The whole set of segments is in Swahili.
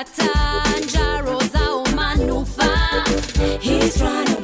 Katanja Rosa Omanufa. He's running.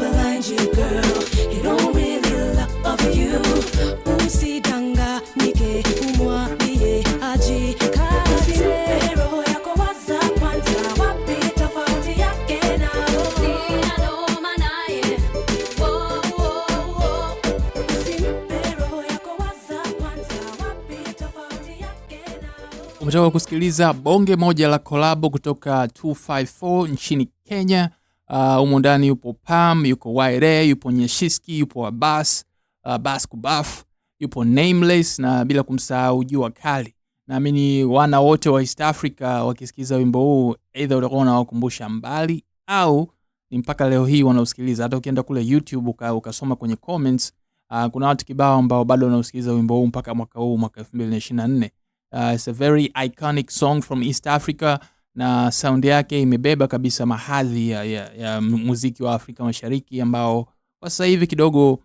wa kusikiliza bonge moja la kolabo kutoka 254 nchini Kenya. uh, ah, umo ndani yupo Pam, yuko Waire, yupo Nyeshiski, yupo abas uh, ah, Bas Kubaf, yupo Nameless na bila kumsahau Jua Kali. Naamini wana wote wa East Africa wakisikiliza wimbo huu either utakuwa unawakumbusha mbali au ni mpaka leo hii wanausikiliza. Hata ukienda kule YouTube uka, ukasoma kwenye comments uh, kuna watu kibao ambao bado wanausikiliza wimbo huu mpaka mwaka huu mwaka 2024. Uh, it's a very iconic song from East Africa na sound yake imebeba kabisa mahadhi ya, ya, ya muziki wa Afrika Mashariki ambao kwa sasa hivi kidogo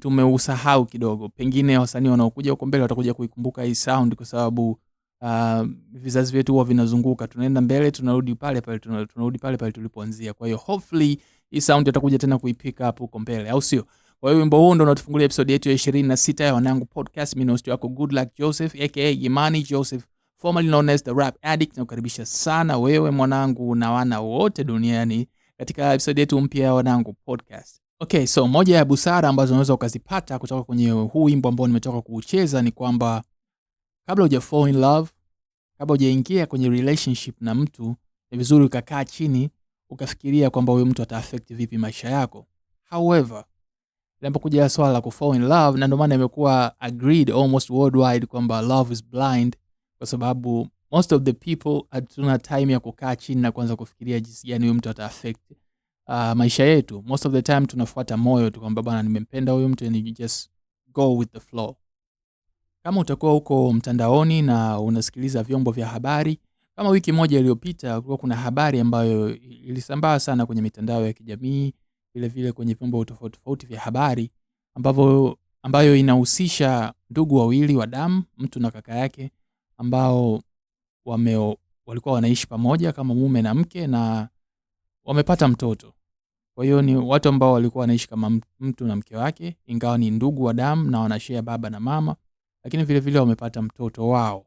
tumeusahau kidogo. Pengine wasanii wanaokuja huko mbele watakuja kuikumbuka hii sound kwa sababu uh, vizazi vyetu huwa vinazunguka, tunaenda mbele, tunarudi pale pale, tunarudi pale pale tulipoanzia. Kwa hiyo hopefully hii sound atakuja tena kuipika hapo huko mbele, au sio? Kwa hiyo wimbo huu ndo unatufungulia episodi yetu ya 26 ya Wanangu Podcast. Mimi ni host wako Good Luck Joseph aka Imani Joseph formerly known as the Rap Addict. Nakukaribisha sana wewe mwanangu na wana wote duniani katika episodi yetu mpya ya Wanangu Podcast. Okay, so moja ya busara ambazo unaweza ukazipata kutoka kwenye huu wimbo ambao nimetoka kuucheza ni kwamba kabla uja fall in love, kabla ujaingia kwenye relationship na mtu, ni vizuri ukakaa chini ukafikiria kwamba huyu mtu ataaffect vipi maisha yako. However, linapokuja swala la ku fall in love, na ndio maana imekuwa agreed almost worldwide kwamba love is blind, kwa sababu most of the people hatuna time ya kukaa chini na kuanza kufikiria jinsi gani huyu mtu ata affect uh, maisha yetu. Most of the time tunafuata moyo tu kwamba bwana, nimempenda huyu mtu and you just go with the flow. Kama utakuwa huko mtandaoni na unasikiliza vyombo vya habari, kama wiki moja iliyopita kulikuwa kuna habari ambayo ilisambaa sana kwenye mitandao ya kijamii vile vile kwenye vyombo tofauti tofauti vya habari ambavyo ambayo inahusisha ndugu wawili wa damu, mtu na kaka yake ambao wame walikuwa wanaishi pamoja kama mume na mke na wamepata mtoto. Kwa hiyo ni watu ambao walikuwa wanaishi kama mtu na mke wake, ingawa ni ndugu wa damu na wanashare baba na mama, lakini vile vile wamepata mtoto wao.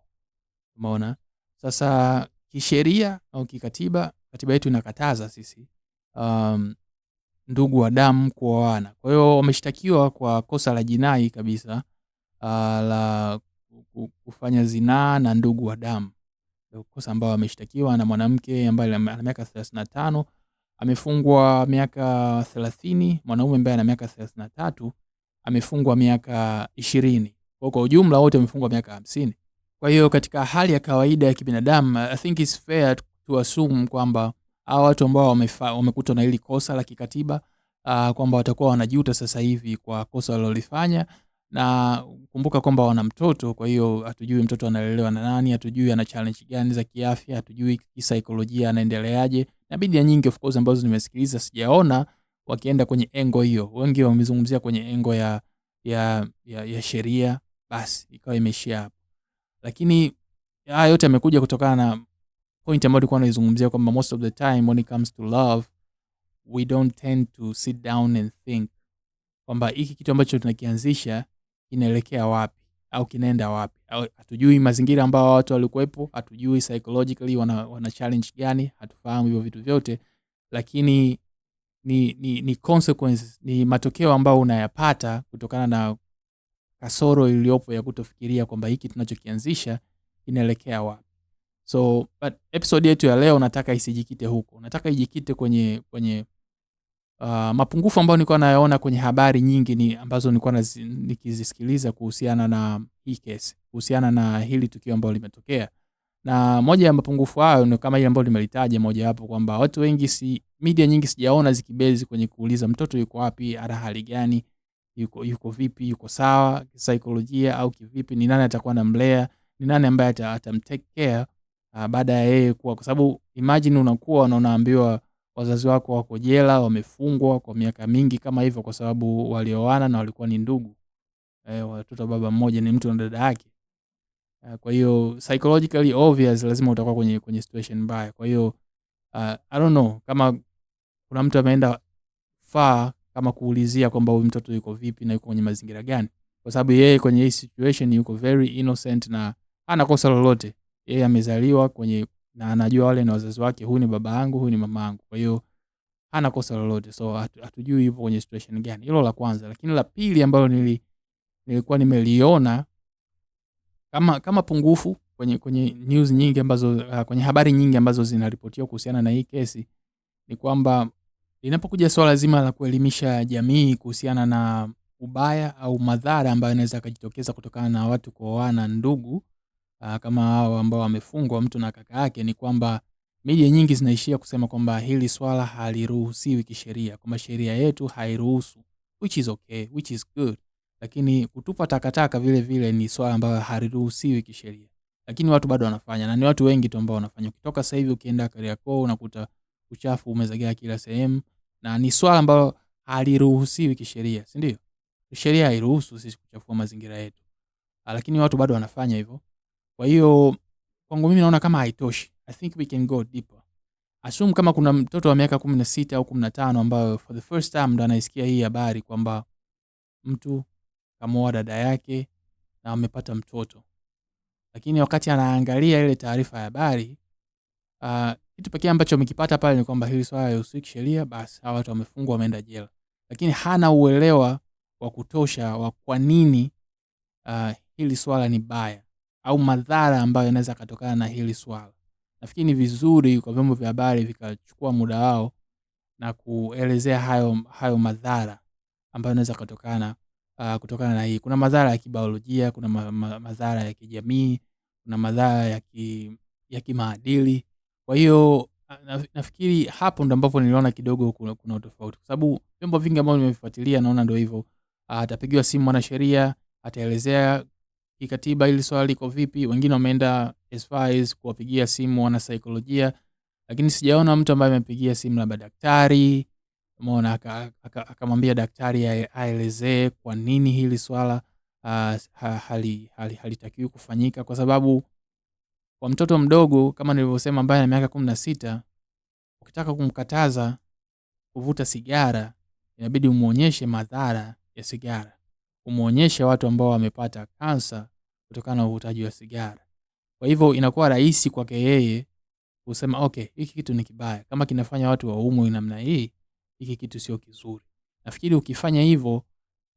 Umeona? Sasa kisheria au kikatiba, katiba yetu inakataza sisi um, ndugu wa damu kuoana. Kwa hiyo wameshtakiwa kwa kosa la jinai kabisa uh, la kufanya zinaa na ndugu wa damu, kosa ambayo ameshtakiwa na mwanamke ambaye ana miaka thelathini na tano amefungwa miaka thelathini. Mwanaume ambaye ana miaka thelathini na tatu amefungwa miaka ishirini. Kwa ujumla wote wamefungwa miaka hamsini. Kwa hiyo katika hali ya kawaida ya kibinadamu, I think it's fair to assume kwamba au watu ambao wamekutwa na hili kosa la kikatiba uh, kwamba watakuwa wanajuta sasa hivi kwa kosa walilofanya, na kumbuka kwamba wana mtoto. Kwa hiyo hatujui mtoto analelewa na nani, hatujui ana challenge gani za kiafya, hatujui kisaikolojia anaendeleaje, na bidii nyingi of course ambazo nimesikiliza, sijaona wakienda kwenye engo hiyo. Wengi wamezungumzia kwenye engo ya, ya, ya, ya sheria, basi ikawa imeishia hapo, lakini haya yote yamekuja kutokana na point ambayo alikuwa naizungumzia kwamba most of the time when it comes to love we don't tend to sit down and think kwamba hiki kitu ambacho tunakianzisha kinaelekea wapi au kinaenda wapi hatujui mazingira ambayo watu walikuwepo hatujui psychologically wana, wana challenge gani hatufahamu hivyo vitu vyote lakini ni, ni, ni consequence ni matokeo ambayo unayapata kutokana na kasoro iliyopo ya kutofikiria kwamba hiki tunachokianzisha kinaelekea wapi So but episode yetu ya leo nataka isijikite huko, nataka ijikite kwenye kwenye uh, mapungufu ambayo nilikuwa nayaona kwenye habari nyingi ni ambazo nilikuwa nikizisikiliza kuhusiana na hii kesi, kuhusiana na hili tukio ambalo limetokea, na moja ya mapungufu hayo ni kama ile ambayo nimelitaja mojawapo, kwamba watu wengi si media nyingi sijaona zikibezi kwenye kuuliza mtoto yuko wapi, ana hali gani, yuko yuko vipi, yuko sawa kisaikolojia au kivipi, ni nani atakuwa anamlea, ni nani ambaye atamtake care uh, baada ya yeye kuwa, kwa sababu imagine unakuwa na unaambiwa wazazi wako wako jela, wamefungwa kwa miaka mingi kama hivyo, kwa sababu walioana na walikuwa ni ndugu eh, watoto baba mmoja, ni mtu na dada yake. Uh, kwa hiyo psychologically obvious, lazima utakuwa kwenye kwenye situation mbaya. Kwa hiyo uh, I don't know kama kuna mtu ameenda far kama kuulizia kwamba huyu mtoto yuko vipi na yuko kwenye mazingira gani, kwa sababu yeye kwenye hii situation yuko very innocent na hana kosa lolote yeye amezaliwa kwenye na anajua wale ni wazazi wake, huyu ni baba yangu, huyu ni mama yangu, kwa hiyo hana kosa lolote. So hatujui yupo kwenye situation gani. Hilo la kwanza, lakini la pili ambalo nili, nilikuwa nimeliona kama kama pungufu kwenye kwenye news nyingi ambazo uh, kwenye habari nyingi ambazo zinaripotiwa kuhusiana na hii kesi ni kwamba linapokuja swala zima la kuelimisha jamii kuhusiana na ubaya au madhara ambayo inaweza akajitokeza kutokana na watu kuoana ndugu uh, kama hao ambao wamefungwa mtu na kaka yake, ni kwamba media nyingi zinaishia kusema kwamba hili swala haliruhusiwi kisheria, kwamba sheria yetu hairuhusu, which is okay, which is good, lakini kutupa takataka vile vile ni swala ambalo haliruhusiwi kisheria, lakini watu bado wanafanya, na ni watu wengi tu ambao wanafanya. Ukitoka sasa hivi ukienda Kariakoo unakuta uchafu umezagaa kila sehemu, na ni swala ambalo haliruhusiwi kisheria, si ndio? Sheria hairuhusu sisi kuchafua mazingira yetu, ah, lakini watu bado wanafanya hivyo. Kwa hiyo kwangu mimi naona kama haitoshi. I think we can go deeper. asum kama kuna mtoto wa miaka 16 au 15 ambayo for the first time ndo anaisikia hii habari kwamba mtu kamoa dada yake na amepata mtoto, lakini wakati anaangalia ile taarifa ya habari uh, kitu pekee ambacho amekipata pale ni kwamba hili swala halihusiki sheria, basi hawa watu wamefungwa, wameenda jela, lakini hana uelewa wa kutosha wa kwa nini uh, hili swala ni baya au madhara ambayo yanaweza katokana na hili swala. Nafikiri ni vizuri kwa vyombo vya habari vikachukua muda wao na kuelezea hayo, hayo madhara ambayo anaweza kutokana uh, ah, kutokana na hii. Kuna madhara ya kibiolojia, kuna ma, ma, madhara ya kijamii, kuna madhara ya ki, ya kimaadili. Kwa hiyo ah, nafikiri hapo ndo ambapo niliona kidogo kuna, kuna utofauti, kwa sababu vyombo vingi ambavyo nimevifuatilia naona ndo hivyo. Ah, atapigiwa simu mwanasheria, ataelezea kikatiba hili swala liko vipi. Wengine wameenda kuwapigia simu wanasaikolojia, lakini sijaona mtu ambaye amepigia simu labda daktari, mona akamwambia aka, aka daktari aelezee kwa nini hili swala uh, halitakiwi hali, hali kufanyika, kwa sababu kwa mtoto mdogo kama nilivyosema, ambaye na miaka kumi na sita, ukitaka kumkataza kuvuta sigara inabidi umwonyeshe madhara ya sigara kumwonyesha watu ambao wamepata kansa kutokana na uvutaji wa sigara. Kwa hivyo inakuwa rahisi kwake yeye kusema okay, hiki kitu ni kibaya, kama kinafanya watu waumwe namna hii, hiki kitu sio kizuri. Nafikiri ukifanya hivyo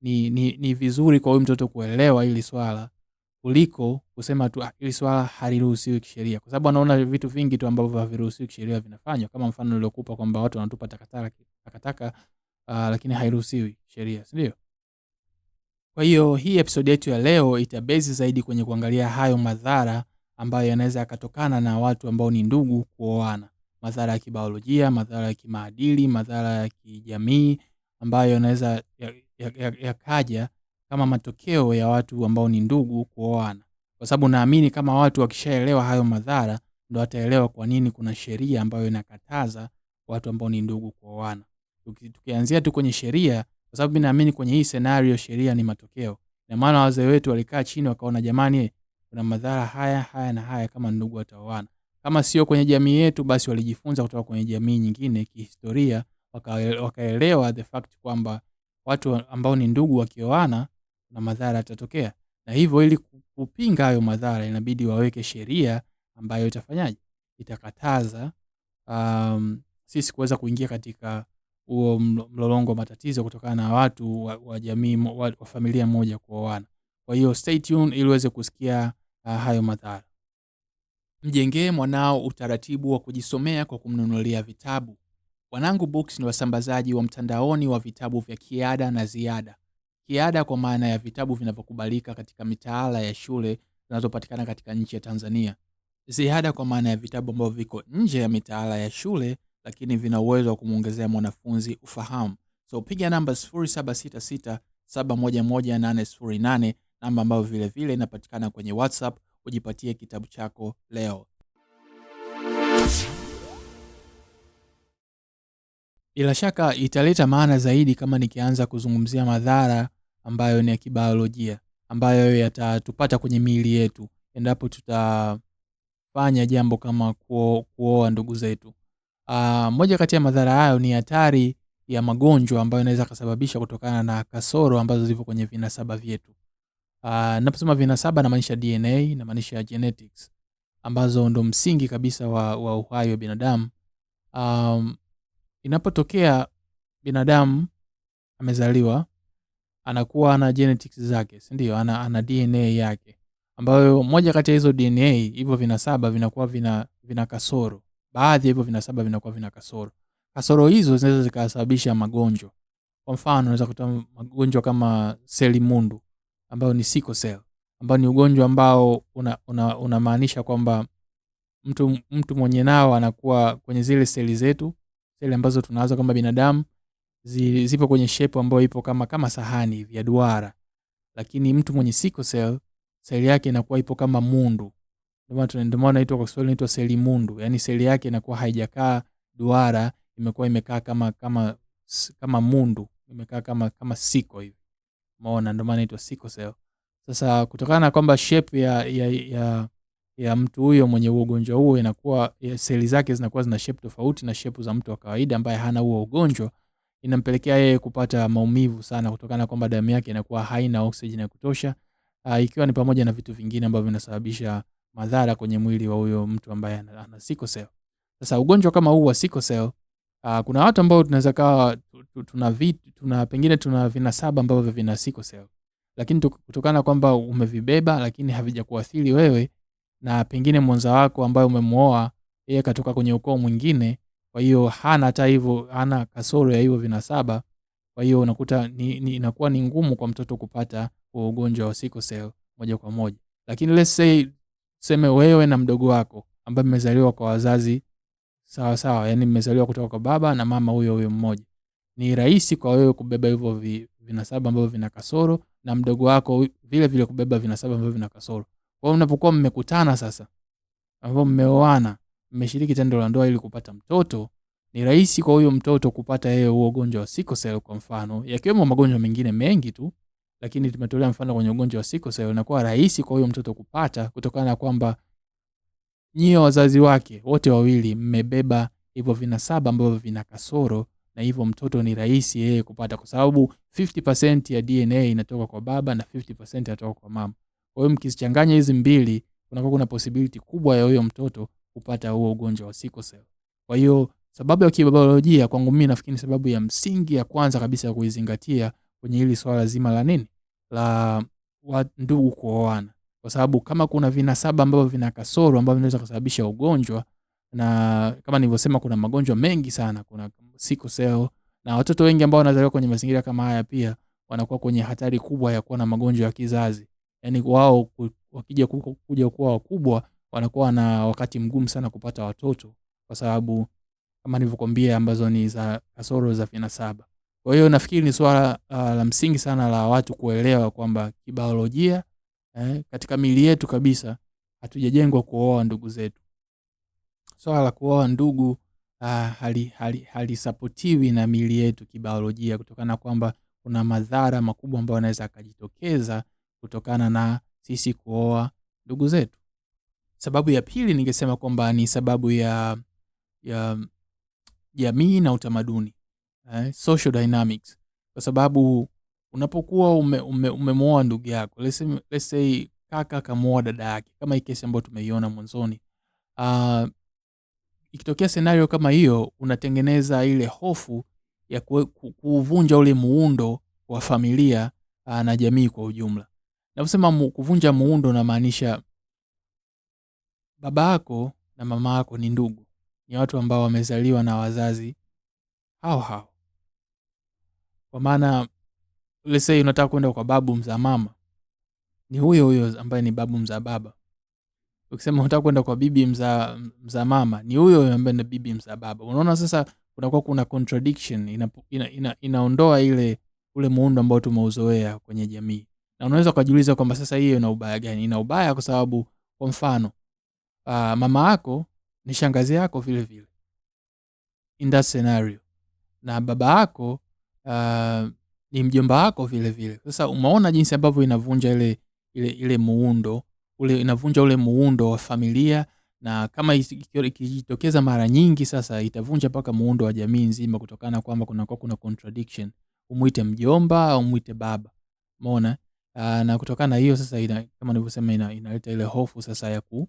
ni, ni, ni vizuri kwa huyu mtoto kuelewa hili swala kuliko kusema tu ah, hili swala haliruhusiwi kisheria, kwa sababu anaona vitu vingi tu ambavyo haviruhusiwi kisheria vinafanywa, kama mfano niliokupa kwamba watu wanatupa takataka, takataka uh, lakini hairuhusiwi sheria, si ndio? Kwa hiyo hii episodi yetu ya leo itabezi zaidi kwenye kuangalia hayo madhara ambayo yanaweza yakatokana na watu ambao ni ndugu kuoana, madhara ya kibiolojia, madhara ya kimaadili, madhara ya kijamii ambayo yanaweza yakaja ya, ya kama matokeo ya watu ambao ni ndugu kuoana, kwa sababu naamini kama watu wakishaelewa hayo madhara ndo wataelewa kwa nini kuna sheria ambayo inakataza watu ambao ni ndugu kuoana. Tukianzia tu kwenye sheria kwa sababu mimi naamini kwenye hii scenario sheria ni matokeo. Na maana wazee wetu walikaa chini wakaona, jamani, kuna madhara haya haya na haya kama ndugu wataoana, kama sio kwenye jamii yetu, basi walijifunza kutoka kwenye jamii nyingine kihistoria, wakaelewa waka the fact kwamba watu ambao ni ndugu wakioana na madhara yatatokea, na hivyo ili kupinga hayo madhara inabidi waweke sheria ambayo itafanyaje, itakataza um, sisi kuweza kuingia katika huo mlolongo wa matatizo kutokana na watu wa, wa jamii wa, wa familia moja kuoana. Kwa hiyo stay tuned ili uweze kusikia uh, hayo madhara. Mjengee mwanao utaratibu wa kujisomea kwa kumnunulia vitabu. Wanangu Books ni wasambazaji wa mtandaoni wa vitabu vya kiada na ziada. Kiada kwa maana ya vitabu vinavyokubalika katika mitaala ya shule zinazopatikana katika nchi ya Tanzania. Ziada kwa maana ya vitabu ambavyo viko nje ya mitaala ya shule lakini vina uwezo wa kumwongezea mwanafunzi ufahamu. So piga namba 7667118 namba ambayo vilevile inapatikana kwenye WhatsApp ujipatie kitabu chako leo. Bila shaka italeta maana zaidi kama nikianza kuzungumzia madhara ambayo ni ya kibiolojia ambayo yatatupata kwenye miili yetu endapo tutafanya jambo kama kuoa ndugu zetu. Uh, moja kati ya madhara hayo ni hatari ya magonjwa ambayo inaweza kusababisha kutokana na kasoro ambazo zipo kwenye vinasaba vyetu. Uh, ah, naposema vinasaba namaanisha DNA na maanisha genetics ambazo ndo msingi kabisa wa, wa uhai wa binadamu. Um, inapotokea binadamu amezaliwa anakuwa ana genetics zake, si ndio? Ana, ana DNA yake ambayo moja kati ya hizo DNA hivyo vinasaba vinakuwa vina, vina kasoro baadhi ya hivyo vinasaba vinakuwa vina kasoro. Kasoro hizo zinaweza zikasababisha magonjwa. Kwa mfano, unaweza kuta magonjwa kama seli mundu ambayo ni siko sel ambao ni ugonjwa ambao unamaanisha una, una kwamba mtu, mtu mwenye nao anakuwa kwenye zile seli zetu, seli ambazo tunawaza kwamba binadamu zi, zipo kwenye shepu ambayo ipo kama, kama sahani hivi ya duara, lakini mtu mwenye siko sel seli yake inakuwa ipo kama mundu ndio maana kwa Kiswahili inaitwa seli mundu, yani seli yake inakuwa haijakaa duara, imekuwa imekaa kama kama kama mundu, imekaa kama kama siko hivi, maona Ndio maana siko seli. Sasa kutokana na kwamba shape ya ya, ya ya mtu huyo mwenye huo ugonjwa huo inakuwa seli zake zinakuwa zina shape tofauti na shape za mtu wa kawaida ambaye hana huo ugonjwa, inampelekea yeye kupata maumivu sana, kutokana na kwamba damu yake inakuwa haina oksijeni ya kutosha, uh, ikiwa ni pamoja na vitu vingine ambavyo vinasababisha madhara kwenye mwili wa huyo mtu ambaye ana sickle cell. Sasa ugonjwa kama huu wa sickle cell uh, kuna watu ambao tunaweza kawa tuna tuna pengine tuna vinasaba ambavyo vina sickle cell, lakini kutokana kwamba umevibeba lakini havijakuathiri wewe, na pengine mwanza wako ambaye umemwoa yeye katoka kwenye ukoo mwingine, kwa hiyo hana hata hivyo, hana kasoro ya hivyo vinasaba. Kwa hiyo unakuta ni, ni, inakuwa ni ngumu kwa mtoto kupata ugonjwa wa sickle cell moja kwa moja, lakini let's say tuseme wewe na mdogo wako ambaye mmezaliwa kwa wazazi sawa sawa, yani mmezaliwa kutoka kwa baba na mama huyo huyo mmoja, ni rahisi kwa wewe kubeba hivyo vi, vinasaba ambavyo vina kasoro na mdogo wako vile vile kubeba vinasaba ambavyo vina kasoro. Kwa hiyo mnapokuwa mmekutana sasa, ambao mmeoana, mmeshiriki tendo la ndoa ili kupata mtoto, ni rahisi kwa huyo mtoto kupata yeye huo ugonjwa wa sikosel kwa mfano, yakiwemo magonjwa mengine mengi tu lakini tumetolea mfano kwenye ugonjwa wa siko sel inakuwa rahisi kwa huyo mtoto kupata kutokana na kwamba nyie wazazi wake wote wawili mmebeba hivyo vina saba ambavyo vina kasoro, na hivyo mtoto ni rahisi yeye kupata, kwa sababu 50% ya DNA inatoka kwa baba na 50% inatoka kwa mama. Kwa hiyo mkizichanganya hizi mbili, kunakuwa kuna possibility kubwa ya huyo mtoto kupata huo ugonjwa wa sickle cell. Kwa hiyo sababu ya kibiolojia, kwangu mimi nafikiri sababu ya msingi ya kwanza kabisa ya kuizingatia kwenye hili swala zima la nini la wa ndugu kuoana, kwa sababu kama kuna vinasaba ambavyo vina kasoro ambavyo vinaweza kusababisha ugonjwa, na kama nilivyosema, kuna magonjwa mengi sana, kuna sickle cell na watoto wengi ambao wanazaliwa kwenye mazingira kama haya pia wanakuwa kwenye hatari kubwa ya kuwa na magonjwa ya kizazi. Yaani wao wakija kuja kuwa wakubwa wanakuwa na wakati mgumu sana kupata watoto, kwa sababu kama nilivyokwambia ambazo ni za kasoro za vinasaba. Kwa hiyo nafikiri ni swala uh, la msingi sana la watu kuelewa kwamba kibiolojia eh, katika mili yetu kabisa hatujajengwa kuoa ndugu zetu. Swala la kuoa ndugu uh, ah, halisapotiwi hali, hali na mili yetu kibiolojia, kutokana kwamba kuna madhara makubwa ambayo anaweza akajitokeza kutokana na sisi kuoa ndugu zetu. Sababu ya pili ningesema kwamba ni sababu ya ya jamii na utamaduni eh, social dynamics, kwa sababu unapokuwa umemwoa ume, ume, ndugu yako let's say, let's say kaka akamwoa dada yake kama hii kesi ambayo tumeiona mwanzoni uh, ikitokea senario kama hiyo unatengeneza ile hofu ya kuvunja ule muundo wa familia uh, na jamii kwa ujumla naposema mu, kuvunja muundo namaanisha baba yako na mama yako ni ndugu ni watu ambao wamezaliwa na wazazi hao hao kwa maana lese unataka kwenda kwa babu mza mama, ni huyo huyo ambaye ni babu mza baba. Ukisema unataka kwenda kwa bibi mza, mza mama, ni huyo huyo ambaye ni bibi mza baba. Unaona sasa kunakuwa kuna contradiction, inaondoa ina, ina, ina ile ule muundo ambao tumeuzoea kwenye jamii, na unaweza ukajiuliza kwamba sasa hiyo ina ubaya gani? Ina ubaya kwa sababu kwa mfano uh, mama yako ni shangazi yako vile vile in that scenario, na baba yako uh, ni mjomba wako vile vile. Sasa umeona jinsi ambavyo inavunja ile ile ile muundo ule, inavunja ule muundo wa familia, na kama ikijitokeza mara nyingi, sasa itavunja mpaka muundo wa jamii nzima, kutokana kwamba kunakuwa kuna contradiction, umuite mjomba au umuite baba, umeona uh, na kutokana hiyo sasa ina, kama nilivyosema ina, inaleta ile hofu sasa ya ku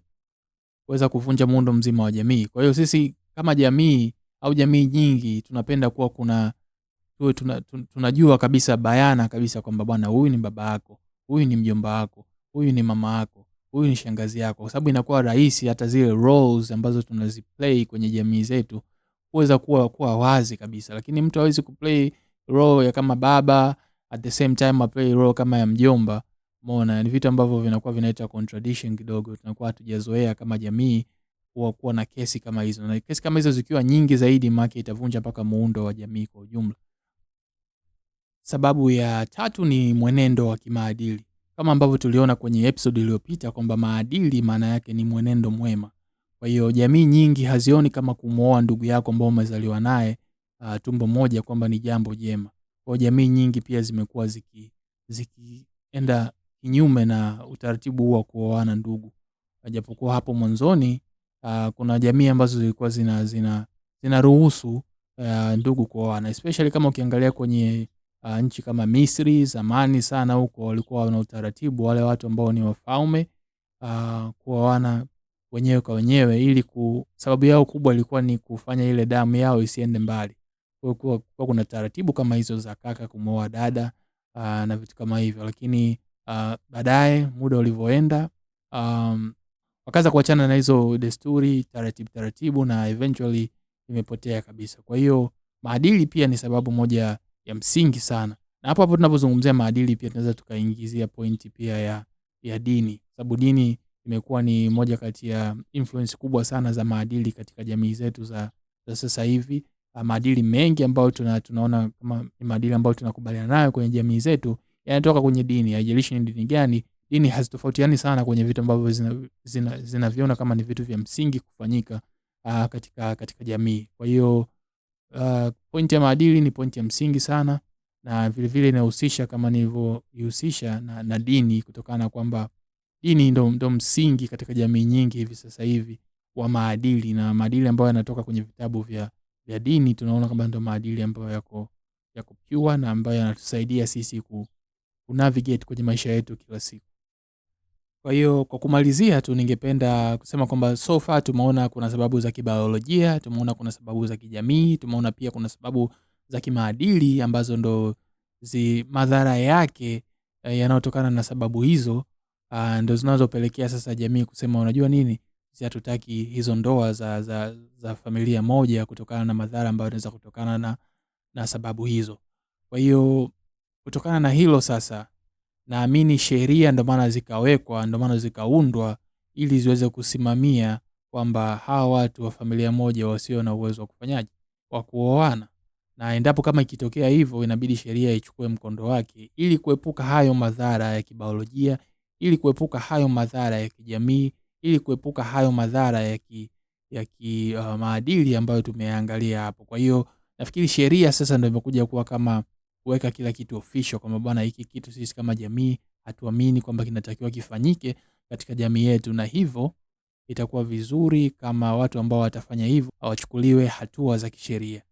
kuweza kuvunja muundo mzima wa jamii. Kwa hiyo sisi kama jamii au jamii nyingi tunapenda kuwa kuna tuwe tuna, tuna, tunajua kabisa bayana kabisa kwamba bwana, huyu ni baba yako, huyu ni mjomba wako, huyu ni mama yako, huyu ni shangazi yako, kwa sababu inakuwa rahisi hata zile roles ambazo tunaziplay kwenye jamii zetu kuweza kuwa, kuwa wazi kabisa, lakini mtu hawezi kuplay role ya kama baba at the same time aplay role kama ya mjomba. Umeona, ni vitu ambavyo vinakuwa vinaita contradiction kidogo, tunakuwa hatujazoea kama jamii kuwa kuwa na kesi kama hizo, na kesi kama hizo zikiwa nyingi zaidi, maana itavunja mpaka muundo wa jamii kwa ujumla. Sababu ya tatu ni mwenendo wa kimaadili. Kama ambavyo tuliona kwenye episode iliyopita kwamba maadili maana yake ni mwenendo mwema. Kwa hiyo jamii nyingi hazioni kama kumwoa ndugu yako ambao umezaliwa naye uh, tumbo moja kwamba ni jambo jema. Kwa jamii nyingi pia zimekuwa ziki zikienda kinyume na utaratibu huu wa kuoana ndugu. Japokuwa hapo mwanzoni uh, kuna jamii ambazo zilikuwa zina zina zinaruhusu uh, ndugu kuoana especially kama ukiangalia kwenye uh, nchi kama Misri zamani sana huko walikuwa wana utaratibu wale watu ambao ni wafalme uh, ah, kuoana wenyewe kwa wenyewe, ili ku sababu yao kubwa ilikuwa ni kufanya ile damu yao isiende mbali. Kwa kuwa kuna taratibu kama hizo za kaka kumwoa dada uh, na vitu kama hivyo, lakini uh, baadaye muda ulivyoenda um, wakaanza kuachana na hizo desturi taratibu taratibu, na eventually imepotea kabisa. Kwa hiyo maadili pia ni sababu moja ya msingi sana, na hapo hapo tunapozungumzia maadili pia tunaweza tukaingizia pointi pia ya, ya dini, sababu dini imekuwa ni moja kati ya influence kubwa sana za maadili katika jamii zetu za, za sasa hivi. Ah, maadili mengi ambayo tuna, tunaona kama maadili ambayo tunakubaliana nayo kwenye jamii zetu yanatoka kwenye dini, haijalishi ni dini gani. Dini hazitofautiani sana kwenye vitu ambavyo zinaviona zina, zina kama ni vitu vya msingi kufanyika aa, ah, katika, katika jamii. Kwa hiyo Uh, pointi ya maadili ni pointi ya msingi sana na vilevile inahusisha kama nilivyoihusisha na, na dini kutokana na kwamba dini ndo, ndo msingi katika jamii nyingi hivi sasa hivi wa maadili na maadili ambayo yanatoka kwenye vitabu vya, vya dini tunaona kwamba ndo maadili ambayo yako yako pure na ambayo yanatusaidia sisi ku, ku navigate kwenye maisha yetu kila siku. Kwa hiyo kwa kumalizia tu, ningependa kusema kwamba so far tumeona kuna sababu za kibiolojia, tumeona kuna sababu za kijamii, tumeona pia kuna sababu za kimaadili ambazo ndo zi madhara yake eh, yanayotokana na sababu hizo uh, ndo zinazopelekea sasa jamii kusema unajua nini, si hatutaki hizo ndoa za, za, za familia moja kutokana na madhara ambayo yanaweza kutokana na, na sababu hizo. Kwa hiyo kutokana na hilo sasa naamini sheria ndo maana zikawekwa, ndo maana zikaundwa ili ziweze kusimamia kwamba hawa watu wa familia moja wasio na uwezo wa kufanyaje wa kuoana, na endapo kama ikitokea hivyo, inabidi sheria ichukue mkondo wake ili kuepuka hayo madhara ya kibiolojia, ili kuepuka hayo madhara ya kijamii, ili kuepuka hayo madhara ya ki, ya ki, uh, maadili ambayo tumeangalia hapo. Kwa hiyo nafikiri sheria sasa ndio imekuja kuwa kama kuweka kila kitu official kwamba bwana, hiki kitu sisi kama jamii hatuamini kwamba kinatakiwa kifanyike katika jamii yetu, na hivyo itakuwa vizuri kama watu ambao watafanya hivyo hawachukuliwe hatua za kisheria.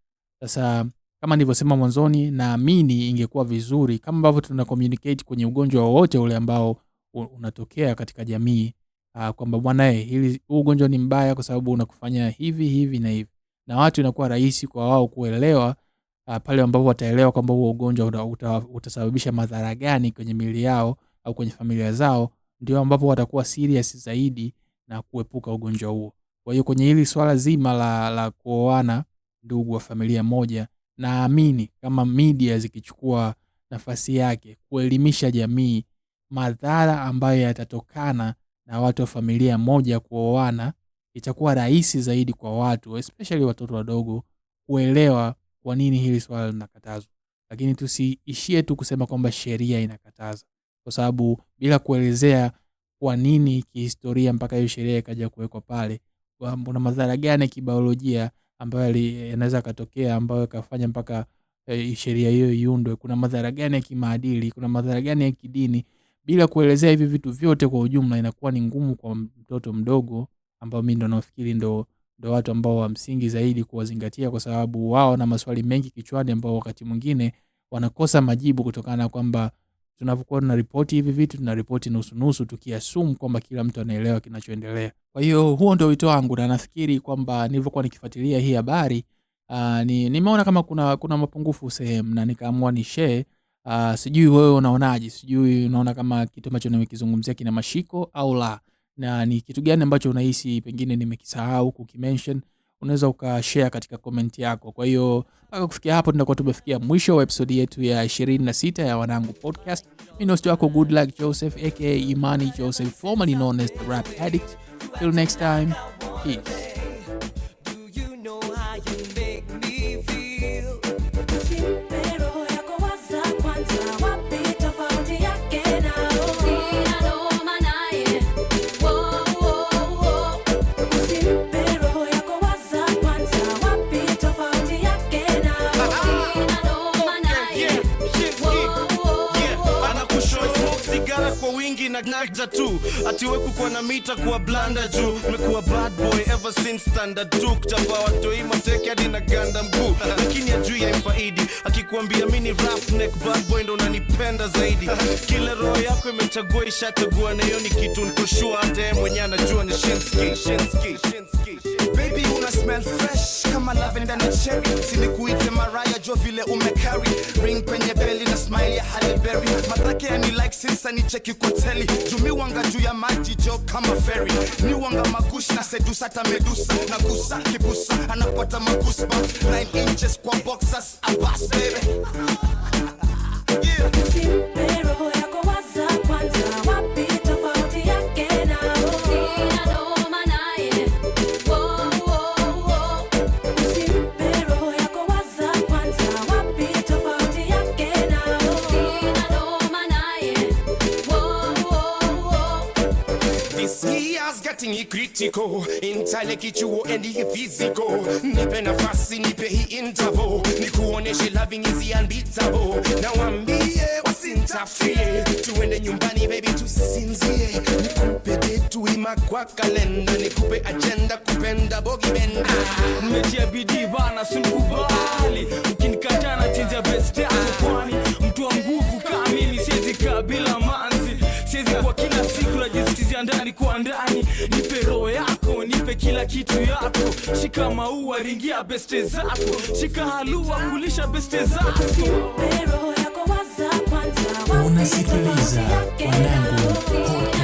Sasa kama nilivyosema mwanzoni, naamini ingekuwa vizuri kama ambavyo tuna communicate kwenye ugonjwa wowote ule ambao unatokea katika jamii ah, kwamba bwana, eh, hili huu ugonjwa ni mbaya kwa sababu unakufanya hivi hivi na hivi, na watu inakuwa rahisi kwa wao kuelewa uh, pale ambapo wataelewa kwamba huo ugonjwa uta, uta, utasababisha madhara gani kwenye mili yao au kwenye familia zao, ndio ambapo watakuwa serious zaidi na kuepuka ugonjwa huo. Kwa hiyo kwenye hili swala zima la, la kuoana ndugu wa familia moja, naamini kama media zikichukua nafasi yake kuelimisha jamii madhara ambayo yatatokana na watu wa familia moja kuoana, itakuwa rahisi zaidi kwa watu especially watoto wadogo kuelewa kwa nini hili swala linakatazwa, lakini tusiishie tu kusema kwamba sheria inakataza, kwa sababu bila kuelezea kwa nini kihistoria mpaka hiyo sheria ikaja kuwekwa pale, kuna madhara gani kibiolojia ambayo yanaweza yakatokea ambayo ikafanya mpaka e, sheria hiyo iundwe, kuna madhara gani ya kimaadili, kuna madhara gani ya kidini. Bila kuelezea hivi vitu vyote kwa ujumla, inakuwa ni ngumu kwa mtoto mdogo ambao mi ndo nafikiri ndo ndo watu ambao wa msingi zaidi kuwazingatia, kwa sababu wao na maswali mengi kichwani ambao wakati mwingine wanakosa majibu kutokana na kwamba tunavyokuwa ripoti hivi vitu tunaripoti nusu nusu, tukiasumu kwamba kila mtu anaelewa kinachoendelea. Kwa hiyo huo ndio wito wangu, na nafikiri kwamba nilivyokuwa nikifuatilia hii habari uh, ni nimeona kama kuna kuna mapungufu sehemu, na nikaamua ni share. Uh, ah, sijui wewe unaonaje? Sijui unaona kama kitu ambacho nimekizungumzia kina mashiko au la na ni kitu gani ambacho unahisi pengine nimekisahau kukimention, unaweza ukashare katika comment yako. Kwa hiyo mpaka kufikia hapo, tunakuwa tumefikia mwisho wa episodi yetu ya 26 ya Wanangu Podcast. Mimi ni host wako Good Luck Joseph aka Imani Joseph, formerly known as the Rap Addict. Till next time, peace. mingi na nagza tu atiwe kukuwa na mita kuwa blanda juu mekuwa bad boy ever since standard 2 kuchapa watoi mateke hadi na ganda mguu lakini ajui haimfaidi akikuambia mi ni roughneck bad boy ndo unanipenda zaidi kile roho yako imechagua ishachagua na hiyo ni kitu nikoshua hata ye mwenyewe anajua ni shenski shenski shenski smell fresh kama lavenda na cherry, sinikuite Maraya jo vile umecarry ring kwenye beli na smile ya Halle Berry, matake ya ni like sinsa ni cheki koteli jumiwanga juu ya maji jo kama ferry, wanga magushi na sedusa hata medusa na kusa kibusa anapata magusa 9 inches kwa boxers abas baby political intale kichuo endi physical nipe nafasi nipe hii interval nikuoneshe loving is unbeatable na wambie wasintafie tuende nyumbani baby tusinzie nikupe detu ima kwa kalenda nikupe agenda kupenda bogi bogibenda metia bidii bana sundu kitu yako, shika maua, ringia beste zako, shika halua, kulisha beste zako. Unasikiliza Wanangu Podcast.